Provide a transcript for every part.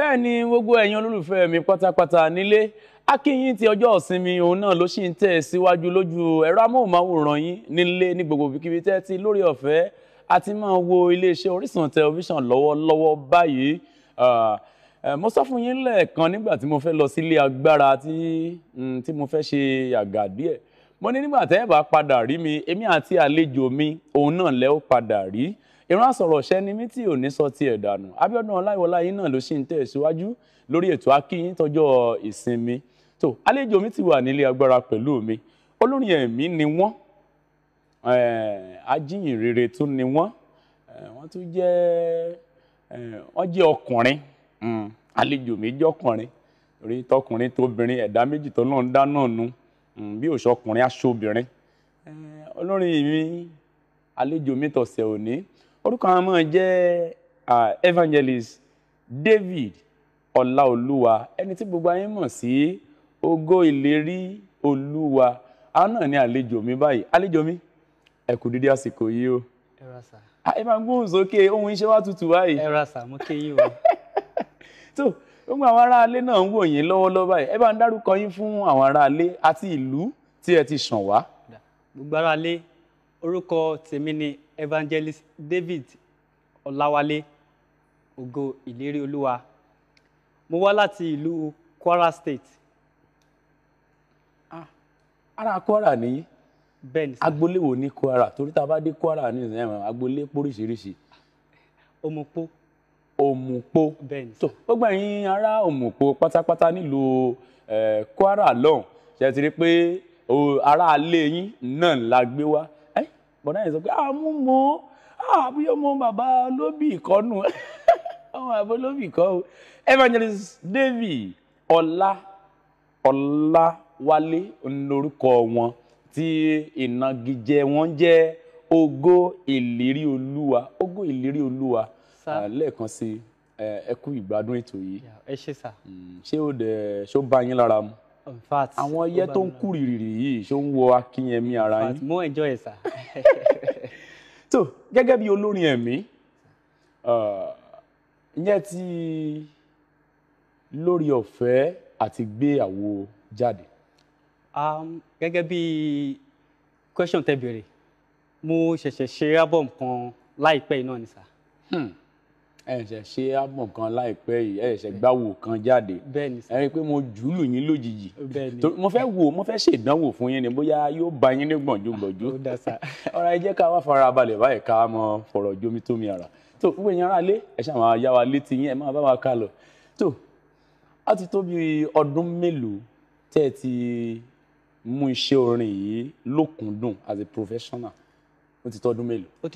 bẹ́ẹ̀ ni gbogbo ẹ̀yin olólùfẹ́ mi pátápátá nílé akínyìn ti ọjọ́ ìsinmi òun náà ló sì ń tẹ̀ síwájú lójú ẹ̀rọ amóhùnmáwòrán yín nílé ní gbogbo ibikíbi tẹ́ ti lórí ọ̀fẹ́ àti máa wo iléeṣẹ́ Orísun tẹlifíṣàn lọ́wọ́lọ́wọ́ báyìí mo sọ fún yín lẹ́ẹ̀kan nígbà tí mo fẹ́ lọ sílé agbára tí mm, mo fẹ́ ṣe àgà díẹ̀ mo ní nígbà tẹ́ ẹ bá padà rí mi èmi àti àlejò mi òun náà lẹ́ ó padà rí ìran àsọ̀rọ̀ṣẹ́ ni mí tí ò ní sọ ti ẹ̀ dànù abiodun yín náà ló ṣì ń tẹ̀síwájú lórí ètò Akíyìn tọjọ́ ìsinmi tó àlejò mi ti wà nílé agbára pẹ̀lú mi olórin ẹ̀mí ni wọ́n tún ni wọ́n wọ́n tún jẹ́ wọ́n jẹ́ ọkùnrin hmm, àlejò mi jẹ́ ọkùnrin náà ń nu hmm, bí òṣọkùnrin olórin mi àlejò mi tọ̀sẹ̀ òní orúkọ àwọn ọmọ jẹ́ evangelist David Ọláolúwa ẹni tí gbogbo ayé mọ̀ sí Ògo Ìlérí Olúwa àwọn náà ní àlejò mi báyìí àlejò mi ẹ kú dídí àsìkò yìí o. ẹ ra sà. ẹ máa ń gbóhùn sókè ohun iṣẹ́ wa tutù báyìí. ẹ ra sà mo ké yín o. tó gbogbo àwọn aráalé náà ń wò yín lọ́wọ́lọ́wọ́ báyìí ẹ bá ń dárúkọ yín fún àwọn aráalé àti ìlú tí ẹ ti ṣàn wá. gbogbo aráalé orúkọ tèmi ni evangelist david ọláwálé ògo ìlérí olúwa mo wá láti ìlú kwara state. Ah, ara kwara ni bẹ́ẹ̀ni sá agboolé wo ní kwara torí tá a bá dé kwara ní ìsìn agboolé póríṣiríṣi. omupo. omupo bẹ́ẹ̀ni sá tó gbogbo ẹ̀yin ará omupo pátápátá nílùú eh, kwara lọ́hùn ṣe ti rí i pé ará alé yín náà la gbé wá bọ̀dá yẹn sọ pé ah mọ́ àbí ah, ọmọ bàbá olóbì ìkọ́nù ọmọ bàbá olóbì ìkọ́ o evangelist David ọlá ọláwálé ńlórúkọ wọn tí ìnagijẹ wọn jẹ́ ògo ìlérí olúwa ògo ìlérí olúwa lẹ́ẹ̀kan sí ẹ kú ìgbádùn ètò yìí ẹ ṣe sà hmm, ṣé ó dẹ ṣó bá yín lára mu àwọn yẹ tó ń kú rìrì yìí ṣó ń wọ akínyẹmí ara yín. mo enjoy sir. tó gẹ́gẹ́ bí olórin ẹ̀mí uh, ìyẹn ti lórí ọ̀fẹ́ àti gbéyàwó jáde. Um, gẹ́gẹ́ bí question tẹ́ béèrè mo ṣẹ̀ṣẹ̀ ṣe album kan láìpẹ́ iná ni sir. Hmm ẹ ṣẹ̀ ṣe ábùn kan láìpẹ́ yìí ẹ ṣẹ̀ kan jáde ẹ pé mo jù ú lù lójijì mo fẹ́ wò mo fẹ́ ṣèdánwò fún yín ni bóyá yóò bá yín ní gbọ̀njú gbọ̀njú ọ̀rọ̀ ẹ ká wá fara balẹ̀ báyìí ká mọ fọ̀rọ̀ jomi tómi ara tó gbogbo èèyàn aráalé ẹ ṣáà máa wa létí yín ẹ máa bá wa ká lọ tó a ti tó bí ọdún mélòó tẹ́ ẹ ti mú iṣẹ́ orin yìí lókùndùn as a professional ó ti tó ọdún mélòó. ó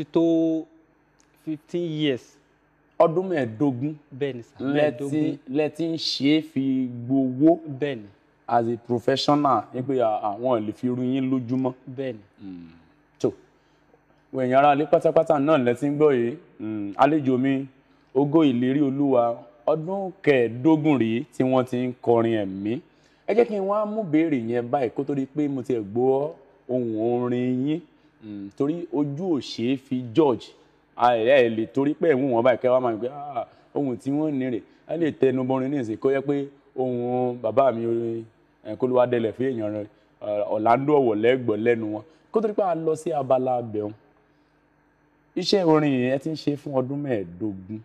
years ọdún mẹ́ẹ̀ẹ́dógún lẹ́tí lẹ́tí ń ṣe é fi gbowó as a professional ní pé àwọn ò lè fi ru yín lójúmọ́ tó èèyàn hmm. ara lé pátápátá náà lẹ́tí ń gbọ́ yìí hmm, àlejò mi ògo ìlérí olúwa ọdún kẹẹ̀ẹ́dógún rèé tí wọ́n ti ń kọrin ẹ̀mí ẹ jẹ́ kí n wá mú béèrè yẹn báyìí kó tó di pé mo ti gbọ́ ohun orin yín hmm, torí ojú ò fi George ẹ lè torí pé ẹ̀hún wọn báyìí kẹwàá máa ń gbé ah, ohun tí wọ́n ní rè lè tẹnu bọrin ní ìsìn kó yẹ pé ohun bàbá mi eh, kólúwádẹ́lẹ̀ fún èèyàn rẹ ọ̀làndó eh, ọ̀wọ̀ lẹ́gbọ̀ọ́ lẹ́nu wọn kó lọ sí abala abẹ́hùn iṣẹ́ orin ẹ ti ń fún ọdún mẹ́ẹ̀ẹ́dógún.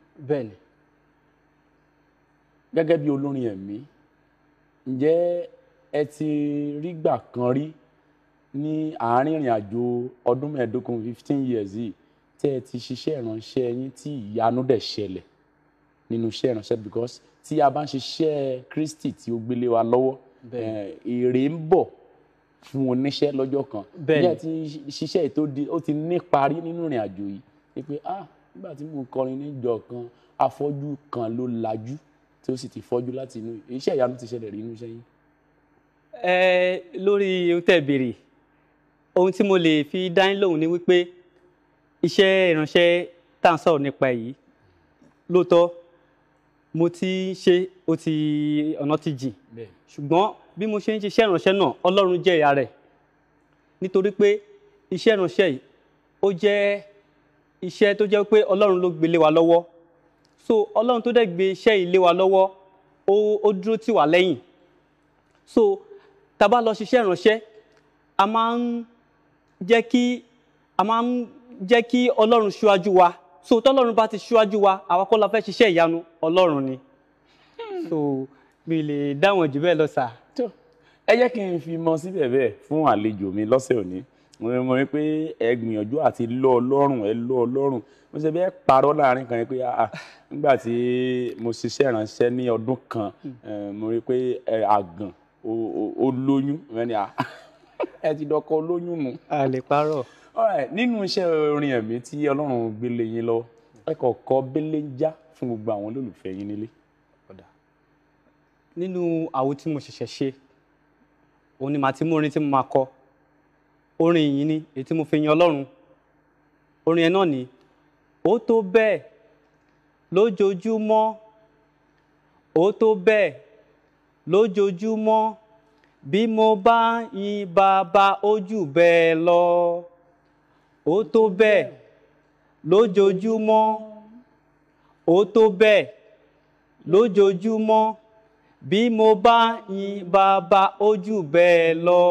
gẹ́gẹ́ bí olórin ẹ̀mí ǹjẹ́ ẹ ti rí gbà kan rí ní àárín ìrìn tẹ́ ẹ ti ṣiṣẹ́ ìránṣẹ́ yín tí ìyanu dẹ̀ ṣẹlẹ̀ nínú iṣẹ́ ìránṣẹ́ because tí a bá ń ṣiṣẹ́ Kristi tí ó gbélé wa lọ́wọ́ èrè ń bọ̀ fún oníṣẹ́ lọ́jọ́ kan bí a ti ṣiṣẹ́ ètò ó ti ní parí nínú ìrìn àjò yìí ni pé ah nígbà tí mo kọrin níjọ kan afọ́jú kan ló lajú tí ó sì ti fọ́jú láti inú iṣẹ́ ìyanu ti ṣẹlẹ̀ rí inú iṣẹ́ yín. ẹ lórí ohun tẹ́ béèrè ohun tí mo lè fi dá lóhùn ni wípé iṣẹ́ ìránṣẹ́ tá à ń sọ̀rọ̀ nípa èyí lóòótọ́ mo ti ń ṣe ó ti ọ̀nà ti jìn ṣùgbọ́n bí mo ṣe ń ṣiṣẹ́ ìránṣẹ́ náà Ọlọ́run jẹ́ ìyá rẹ̀ nítorí pé iṣẹ́ ìránṣẹ́ yìí ó jẹ́ iṣẹ́ tó jẹ́ pé Ọlọ́run ló gbélé wa lọ́wọ́ so Ọlọ́run tó dẹ̀ gbé iṣẹ́ yìí lé wa lọ́wọ́ ó dúró tì wá lẹ́yìn so tá a bá lọ ṣiṣẹ́ ìránṣẹ́ a máa ń jẹ́ kí a máa ń jẹ́ kí ọlọ́run ṣíwájú wa so tọ́lọ́run bá ti ṣíwájú wa àwa kọ́ la fẹ́ ṣiṣẹ́ ìyanu ọlọ́run ni so mi lè dáwọn jù bẹ́ẹ̀ lọ sà. ẹ jẹ́ kí n fi mọ síbẹ̀ bẹ́ẹ̀ fún àlejò mi lọ́sẹ̀ òní mo mọ̀ pé ẹ gbìyànjú àti lọ ọlọ́run ẹ lọ ọlọ́run mo ṣe bẹ́ẹ̀ parọ́ láàrin kan pé nígbà tí mo ṣiṣẹ́ ìránṣẹ́ ní ọdún kan mo rí pé àgàn ó ẹ ti dọkọ olóyún mu. a lè parọ́ alright nínú iṣẹ́ orin ẹ̀mí tí ọlọ́run gbélé yín lọ ẹ kọ̀ kọ́ bélé ń já fún gbogbo àwọn olólùfẹ́ yín nílé. nínú àwo tí mo ṣẹ̀ṣẹ̀ ṣe òun ni màá ti mú orin tí mo máa kọ orin yìí ni èyí tí mo fi yin ọlọ́run orin ẹ̀ náà ni ó tó bẹ́ẹ̀ lójoojúmọ́ ó tó bẹ́ẹ̀ lójoojúmọ́ bí mo bá yin bàbá ó bẹ́ẹ̀ lọ ó tó bẹ́ẹ̀ lójoojúmọ́ ó tó bẹ́ẹ̀ lójoojúmọ́ bí mo bá yin bàbá ó jù bẹ́ẹ̀ lọ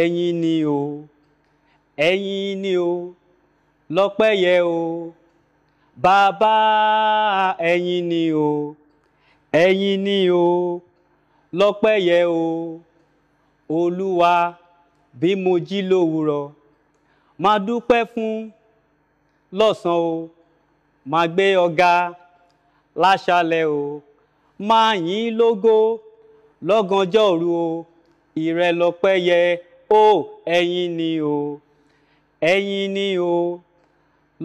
ẹ̀yin ni o ẹ̀yin ni o lọ́pẹ́ yẹ o bàbá ẹ̀yin ni o ẹ̀yin ni o lọ́pẹ́ yẹ o olúwa bí mo jí lówùrọ̀ máa dúpẹ́ fún lọ́sàn o máa gbé ọ̀gá láṣálẹ́ o máa yìn lógo lọ́gànjọ́ òru o ìrẹ lọ́pẹ́ yẹ o ẹ̀yin ni o ẹ̀yin ni o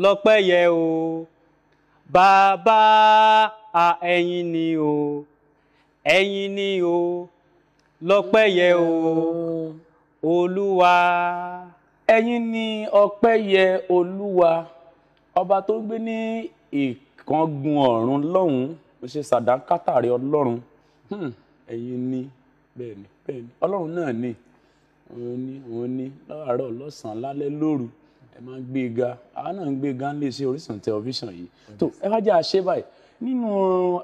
lọ́pẹ́ yẹ o bàbá a ẹ̀yin ni o ẹ̀yin ni o lọ́pẹ́ yẹ o olúwa ẹ̀yin ni ọpẹ́ yẹ olúwa ọba tó ń gbé ní ìkángun ọ̀run lọ́hùn mo ṣe sàdákátà ọlọ́run hmm, ẹ̀yin ni bẹ́ẹ̀ ni bẹ́ẹ̀ ni ọlọ́run náà ni òun ni òun ni láàárọ̀ lọ́sàn-án lálẹ́ lóru ẹ máa ń gbé ga àwa náà ń gbé ga ń lè ṣe Orísun tẹlifíṣàn yìí tó ẹ wá jẹ́ àṣẹ báyìí nínú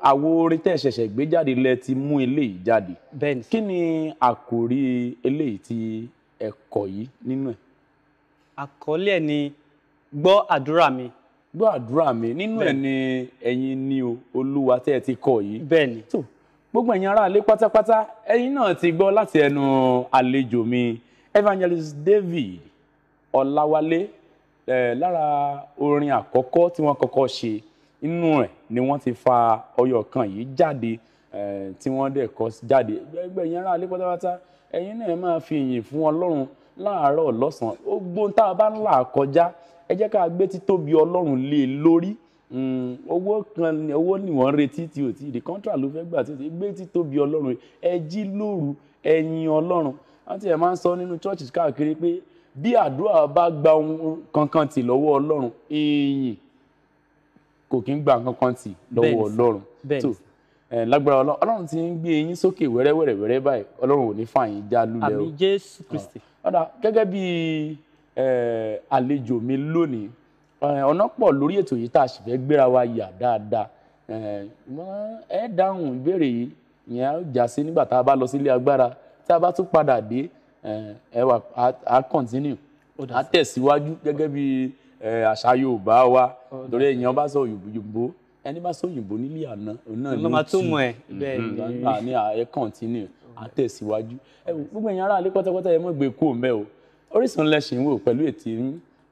àwo orin tẹ́ ṣẹ̀ṣẹ̀ gbé jáde lẹ ti mú eléyìí jáde kí ni àkòrí eléyìí tí ẹ yìí nínú ẹ̀ àkọlé ẹ̀ ni gbọ́ àdúrà mi. gbọ́ àdúrà mi nínú ẹ̀ ni ẹ̀yin ni o olúwa tẹ́ ẹ ti kọ yìí. bẹ́ẹ̀ni. tó gbogbo ẹ̀yin aráalé pátápátá ẹ̀yin náà ti gbọ́ láti ẹnu àlejò mi evangelist david ọláwálé eh, lára orin àkọ́kọ́ tí wọ́n kọ́kọ́ ṣe inú ẹ̀ ni wọ́n ti fa ọyọ̀ kan yìí jáde eh, tí wọ́n dẹ̀ kọ jáde gbẹ̀gbẹ̀ yẹn aráalé pátápátá ẹ̀yin náà máa fi ìyìn fún ọlọ́run láàárọ̀ lọ́sàn-án gbogbo tá a bá ń là kọjá ẹ jẹ́ ká gbé títóbi ọlọ́run lé e lórí hmm, owó kan owó níwọ̀n retí tí ò tí ì di kọ́ńtà ló fẹ́ gbà tí ò tí ì gbé títóbi ọlọ́run ẹ jí lóru ẹ yin ọlọ́run àti ẹ̀ máa ń sọ nínú chọ́ọ̀chì káàkiri pé bí àdúrà bá gba ohun kankan tì lọ́wọ́ ọlọ́run èèyàn kò kí ń gba kankan tì lọ́wọ́ ọlọ́run tó lágbára ọlọ́run ti ń gbé yín sókè wẹ́rẹ́wẹ́rẹ́ wẹ́rẹ́ báyìí ọlọ́run ò ní fà já lulẹ̀ o àmín jésù kristi ah ọ̀dà gẹ́gẹ́ bí àlejò mi lónìí ọ̀nà pọ̀ lórí ètò yìí tá a sì fẹ́ gbéra wa yà dáadáa ẹ dáhùn ìbéèrè yìí ìyẹn á jà sí nígbà tá a bá lọ sílé agbára tá a bá tún padà dé ẹ wà á kọ̀ntínú á tẹ̀síwájú gẹ́gẹ́ bí àṣà Yorùbá wa torí èèyàn bá sọ Yorùbá ẹni bá sọ òyìnbó nílé àná òun náà ní tù ní àní ẹ kọ̀ntínú àtẹ̀síwájú ẹ wò gbogbo ẹ̀yin aráàlú pátápátá ẹ mọ̀ gbé kú òmẹ́ o Orísun lẹ́sìn wò pẹ̀lú ètí yín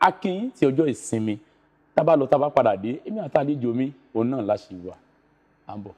akínyín ti ọjọ́ ìsinmi tábà lọ tábà padà dé èmi àtàlejò mi òun náà láṣìí wà á ń bọ̀.